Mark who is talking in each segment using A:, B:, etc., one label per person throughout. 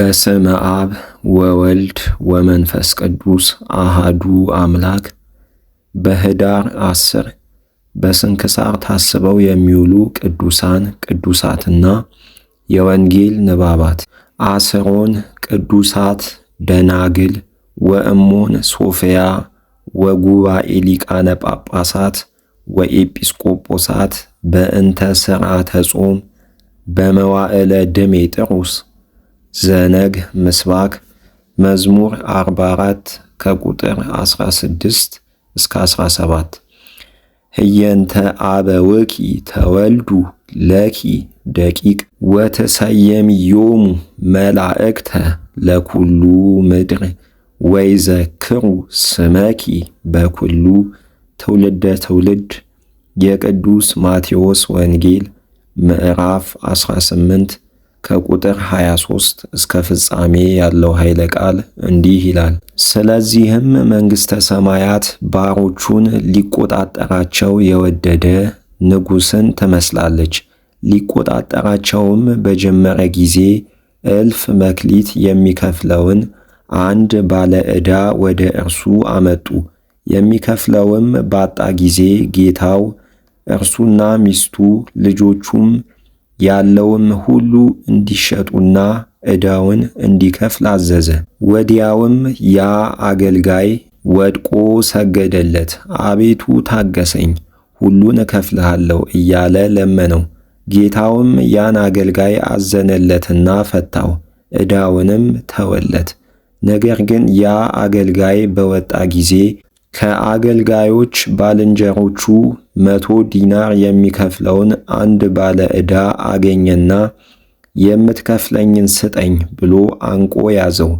A: በስመ አብ ወወልድ ወመንፈስ ቅዱስ አሃዱ አምላክ። በኅዳር አስር በስንክሳር ታስበው የሚውሉ ቅዱሳን ቅዱሳትና የወንጌል ንባባት አስሮን ቅዱሳት ደናግል ወእሞን ሶፍያ ወጉባኤ ሊቃነ ጳጳሳት ወኤጲስቆጶሳት በእንተ ሥርዓተ ጾም በመዋዕለ ጥሩስ። ዘነግ ምስባክ መዝሙር 44 ከቁጥር 16 እስከ 17 ህየንተ አበውኪ ተወልዱ ለኪ ደቂቅ ወተሰየምዮሙ መላእክተ ለኩሉ ምድር ወይዘክሩ ስመኪ በኩሉ ትውልደ ትውልድ። የቅዱስ ማቴዎስ ወንጌል ምዕራፍ 18 ከቁጥር 23 እስከ ፍጻሜ ያለው ኃይለ ቃል እንዲህ ይላል። ስለዚህም መንግሥተ ሰማያት ባሮቹን ሊቆጣጠራቸው የወደደ ንጉሥን ትመስላለች። ሊቆጣጠራቸውም በጀመረ ጊዜ እልፍ መክሊት የሚከፍለውን አንድ ባለ ዕዳ ወደ እርሱ አመጡ። የሚከፍለውም ባጣ ጊዜ ጌታው እርሱና ሚስቱ ልጆቹም ያለውም ሁሉ እንዲሸጡና ዕዳውን እንዲከፍል አዘዘ። ወዲያውም ያ አገልጋይ ወድቆ ሰገደለት። አቤቱ ታገሰኝ፣ ሁሉን እከፍልሃለሁ እያለ ለመነው። ጌታውም ያን አገልጋይ አዘነለትና ፈታው፣ ዕዳውንም ተወለት። ነገር ግን ያ አገልጋይ በወጣ ጊዜ ከአገልጋዮች ባልንጀሮቹ መቶ ዲናር የሚከፍለውን አንድ ባለ ዕዳ አገኘና የምትከፍለኝን ስጠኝ ብሎ አንቆ ያዘው።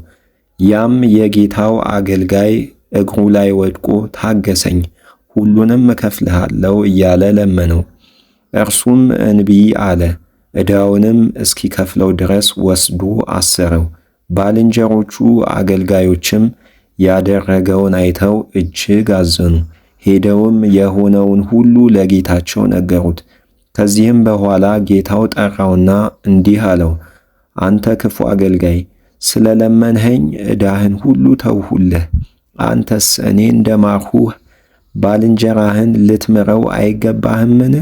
A: ያም የጌታው አገልጋይ እግሩ ላይ ወድቆ ታገሰኝ፣ ሁሉንም እከፍልሃለሁ እያለ ለመነው። እርሱም እንቢ አለ። ዕዳውንም እስኪከፍለው ድረስ ወስዶ አሰረው። ባልንጀሮቹ አገልጋዮችም ያደረገውን አይተው እጅግ አዘኑ። ሄደውም የሆነውን ሁሉ ለጌታቸው ነገሩት። ከዚህም በኋላ ጌታው ጠራውና እንዲህ አለው፣ አንተ ክፉ አገልጋይ ስለ ለመንኸኝ ዕዳህን ሁሉ ተውሁልህ። አንተስ እኔ እንደማርሁህ ባልንጀራህን ልትምረው አይገባህምን?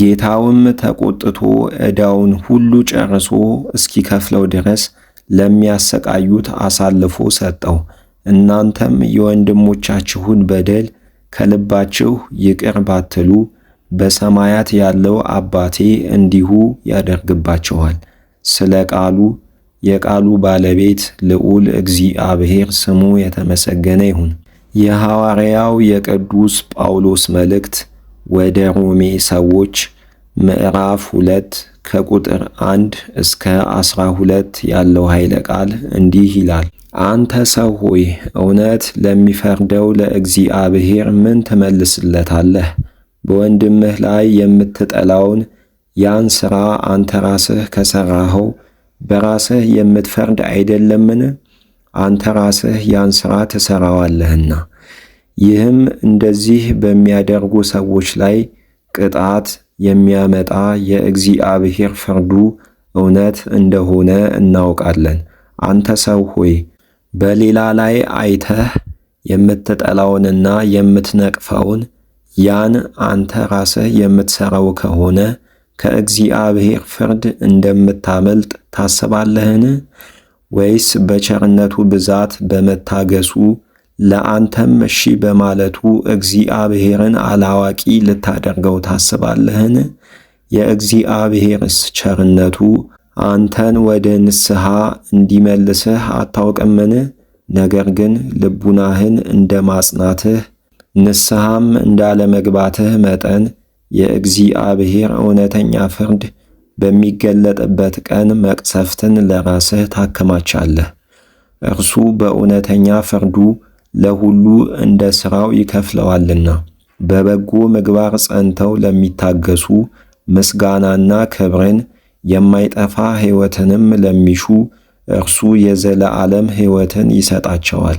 A: ጌታውም ተቆጥቶ ዕዳውን ሁሉ ጨርሶ እስኪከፍለው ድረስ ለሚያሰቃዩት አሳልፎ ሰጠው። እናንተም የወንድሞቻችሁን በደል ከልባችሁ ይቅር ባትሉ በሰማያት ያለው አባቴ እንዲሁ ያደርግባችኋል። ስለ ቃሉ የቃሉ ባለቤት ልዑል እግዚአብሔር ስሙ የተመሰገነ ይሁን። የሐዋርያው የቅዱስ ጳውሎስ መልእክት ወደ ሮሜ ሰዎች ምዕራፍ ሁለት ከቁጥር አንድ እስከ ዐሥራ ሁለት ያለው ኃይለ ቃል እንዲህ ይላል። አንተ ሰው ሆይ እውነት ለሚፈርደው ለእግዚአብሔር ምን ትመልስለታለህ? በወንድምህ ላይ የምትጠላውን ያን ሥራ አንተ ራስህ ከሠራኸው በራስህ የምትፈርድ አይደለምን? አንተ ራስህ ያን ሥራ ትሠራዋለህና። ይህም እንደዚህ በሚያደርጉ ሰዎች ላይ ቅጣት የሚያመጣ የእግዚአብሔር ፍርዱ እውነት እንደሆነ እናውቃለን። አንተ ሰው ሆይ በሌላ ላይ አይተህ የምትጠላውንና የምትነቅፈውን ያን አንተ ራስህ የምትሰራው ከሆነ ከእግዚአብሔር ፍርድ እንደምታመልጥ ታስባለህን? ወይስ በቸርነቱ ብዛት በመታገሱ ለአንተም እሺ በማለቱ እግዚአብሔርን አላዋቂ ልታደርገው ታስባለህን? የእግዚአብሔርስ ቸርነቱ አንተን ወደ ንስሐ እንዲመልስህ አታውቅምን? ነገር ግን ልቡናህን እንደ ማጽናትህ ንስሐም እንዳለመግባትህ መጠን የእግዚአብሔር እውነተኛ ፍርድ በሚገለጥበት ቀን መቅሰፍትን ለራስህ ታከማቻለህ። እርሱ በእውነተኛ ፍርዱ ለሁሉ እንደ ሥራው ይከፍለዋልና። በበጎ ምግባር ጸንተው ለሚታገሱ ምስጋናና ክብርን የማይጠፋ ሕይወትንም ለሚሹ እርሱ የዘለዓለም ሕይወትን ይሰጣቸዋል።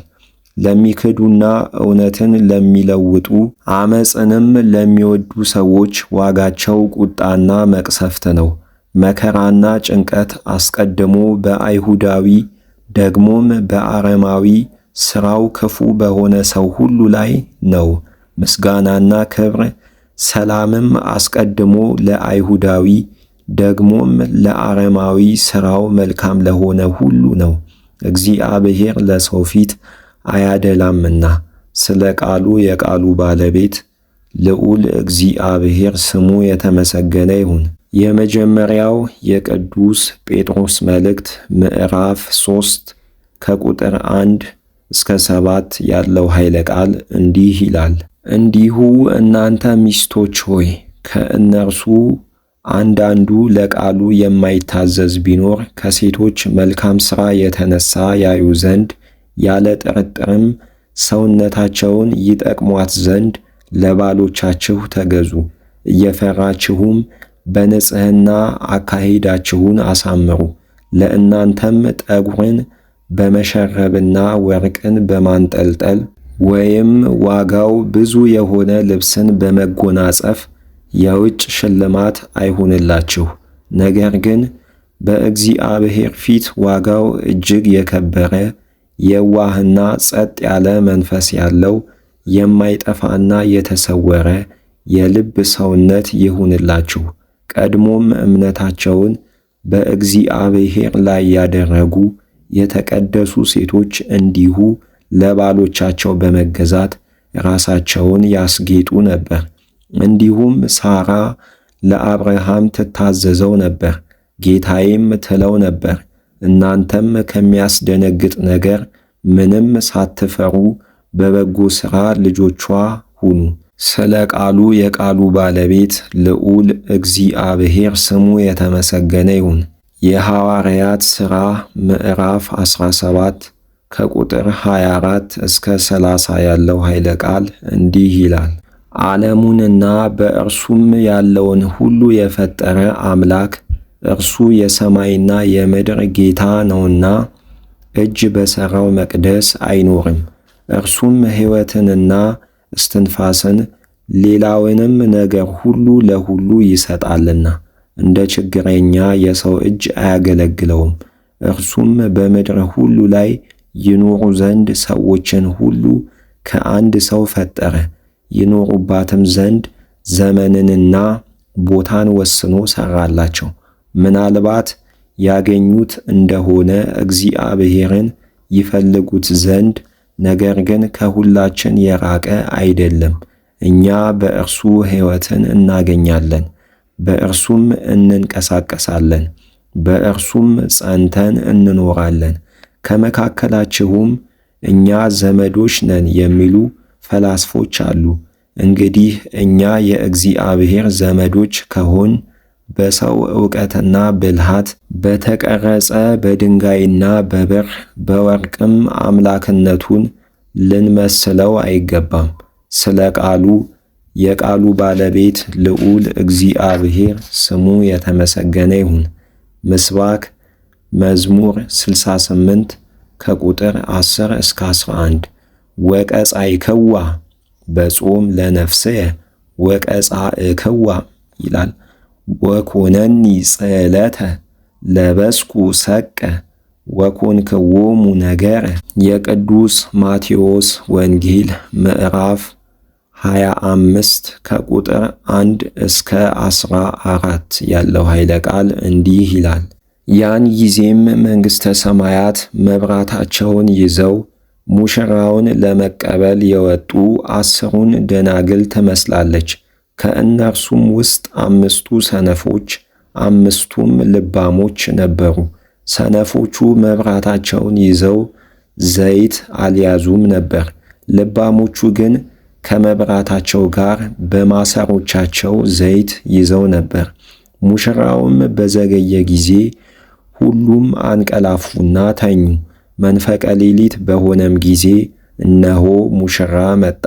A: ለሚክዱና እውነትን ለሚለውጡ ዐመፅንም ለሚወዱ ሰዎች ዋጋቸው ቁጣና መቅሰፍት ነው። መከራና ጭንቀት አስቀድሞ በአይሁዳዊ ደግሞም በአረማዊ ሥራው ክፉ በሆነ ሰው ሁሉ ላይ ነው። ምስጋናና ክብር ሰላምም አስቀድሞ ለአይሁዳዊ ደግሞም ለአረማዊ ሥራው መልካም ለሆነ ሁሉ ነው። እግዚአብሔር ለሰው ፊት አያደላምና ስለ ቃሉ የቃሉ ባለቤት ልዑል እግዚአብሔር ስሙ የተመሰገነ ይሁን። የመጀመሪያው የቅዱስ ጴጥሮስ መልእክት ምዕራፍ ሦስት ከቁጥር አንድ እስከ ሰባት ያለው ኃይለ ቃል እንዲህ ይላል። እንዲሁ እናንተ ሚስቶች ሆይ ከእነርሱ አንዳንዱ ለቃሉ የማይታዘዝ ቢኖር ከሴቶች መልካም ሥራ የተነሳ ያዩ ዘንድ ያለ ጥርጥርም ሰውነታቸውን ይጠቅሟት ዘንድ ለባሎቻችሁ ተገዙ፣ እየፈራችሁም በንጽሕና አካሄዳችሁን አሳምሩ። ለእናንተም ጠጉርን በመሸረብና ወርቅን በማንጠልጠል ወይም ዋጋው ብዙ የሆነ ልብስን በመጎናጸፍ የውጭ ሽልማት አይሁንላችሁ፣ ነገር ግን በእግዚአብሔር ፊት ዋጋው እጅግ የከበረ የዋህና ጸጥ ያለ መንፈስ ያለው የማይጠፋና የተሰወረ የልብ ሰውነት ይሁንላችሁ። ቀድሞም እምነታቸውን በእግዚአብሔር ላይ ያደረጉ የተቀደሱ ሴቶች እንዲሁ ለባሎቻቸው በመገዛት ራሳቸውን ያስጌጡ ነበር። እንዲሁም ሳራ ለአብርሃም ትታዘዘው ነበር፣ ጌታዬም ትለው ነበር። እናንተም ከሚያስደነግጥ ነገር ምንም ሳትፈሩ በበጎ ሥራ ልጆቿ ሁኑ። ስለ ቃሉ የቃሉ ባለቤት ልዑል እግዚአብሔር ስሙ የተመሰገነ ይሁን። የሐዋርያት ሥራ ምዕራፍ 17 ከቁጥር 24 እስከ 30 ያለው ኃይለ ቃል እንዲህ ይላል። ዓለሙንና በእርሱም ያለውን ሁሉ የፈጠረ አምላክ እርሱ የሰማይና የምድር ጌታ ነውና እጅ በሠራው መቅደስ አይኖርም። እርሱም ሕይወትንና እስትንፋስን ሌላውንም ነገር ሁሉ ለሁሉ ይሰጣልና እንደ ችግረኛ የሰው እጅ አያገለግለውም። እርሱም በምድር ሁሉ ላይ ይኖሩ ዘንድ ሰዎችን ሁሉ ከአንድ ሰው ፈጠረ። ይኖሩባትም ዘንድ ዘመንንና ቦታን ወስኖ ሰራላቸው ምናልባት ያገኙት እንደሆነ እግዚአብሔርን ይፈልጉት ዘንድ ነገር ግን ከሁላችን የራቀ አይደለም። እኛ በእርሱ ሕይወትን እናገኛለን፣ በእርሱም እንንቀሳቀሳለን፣ በእርሱም ጸንተን እንኖራለን። ከመካከላችሁም እኛ ዘመዶች ነን የሚሉ ፈላስፎች አሉ። እንግዲህ እኛ የእግዚአብሔር ዘመዶች ከሆን በሰው ዕውቀትና ብልሃት በተቀረጸ በድንጋይና በብር በወርቅም አምላክነቱን ልንመስለው አይገባም። ስለ ቃሉ የቃሉ ባለቤት ልዑል እግዚአብሔር ስሙ የተመሰገነ ይሁን። ምስባክ መዝሙር 68 ከቁጥር 10 እስከ 11 ወቀጻይከዋ በጾም ለነፍስየ ወቀጻእከዋ ይላል። ወኮነኒ ጸለተ ለበስኩ ሰቀ ወኮንክዎሙ ነገረ። የቅዱስ ማቴዎስ ወንጌል ምዕራፍ 25 ከቁጥር 1 እስከ 14 ያለው ኃይለ ቃል እንዲህ ይላል። ያን ጊዜም መንግሥተ ሰማያት መብራታቸውን ይዘው ሙሽራውን ለመቀበል የወጡ አስሩን ደናግል ትመስላለች። ከእነርሱም ውስጥ አምስቱ ሰነፎች፣ አምስቱም ልባሞች ነበሩ። ሰነፎቹ መብራታቸውን ይዘው ዘይት አልያዙም ነበር። ልባሞቹ ግን ከመብራታቸው ጋር በማሰሮቻቸው ዘይት ይዘው ነበር። ሙሽራውም በዘገየ ጊዜ ሁሉም አንቀላፉና ተኙ። መንፈቀ ሌሊት በሆነም ጊዜ እነሆ ሙሽራ መጣ፣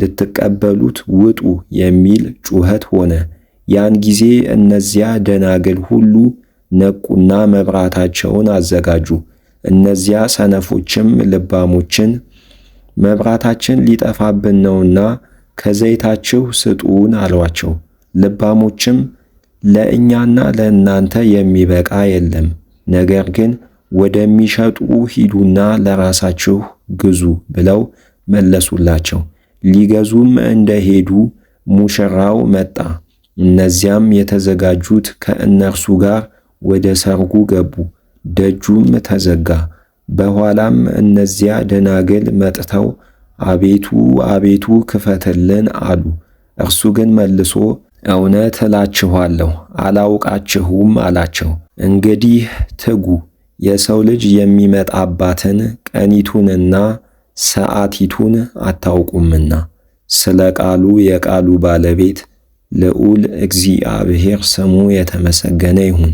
A: ልትቀበሉት ውጡ የሚል ጩኸት ሆነ። ያን ጊዜ እነዚያ ደናግል ሁሉ ነቁና መብራታቸውን አዘጋጁ። እነዚያ ሰነፎችም ልባሞችን መብራታችን ሊጠፋብን ነውና ከዘይታችሁ ስጡን አሏቸው። ልባሞችም ለእኛና ለእናንተ የሚበቃ የለም፣ ነገር ግን ወደሚሸጡ ሂዱና ለራሳችሁ ግዙ ብለው መለሱላቸው። ሊገዙም እንደሄዱ ሙሽራው መጣ። እነዚያም የተዘጋጁት ከእነርሱ ጋር ወደ ሰርጉ ገቡ። ደጁም ተዘጋ። በኋላም እነዚያ ደናግል መጥተው አቤቱ አቤቱ ክፈትልን አሉ። እርሱ ግን መልሶ እውነት እላችኋለሁ አላውቃችሁም አላቸው። እንግዲህ ትጉ የሰው ልጅ የሚመጣባትን ቀኒቱንና ሰዓቲቱን አታውቁምና ስለ ቃሉ የቃሉ ባለቤት ልዑል እግዚአብሔር ስሙ የተመሰገነ ይሁን።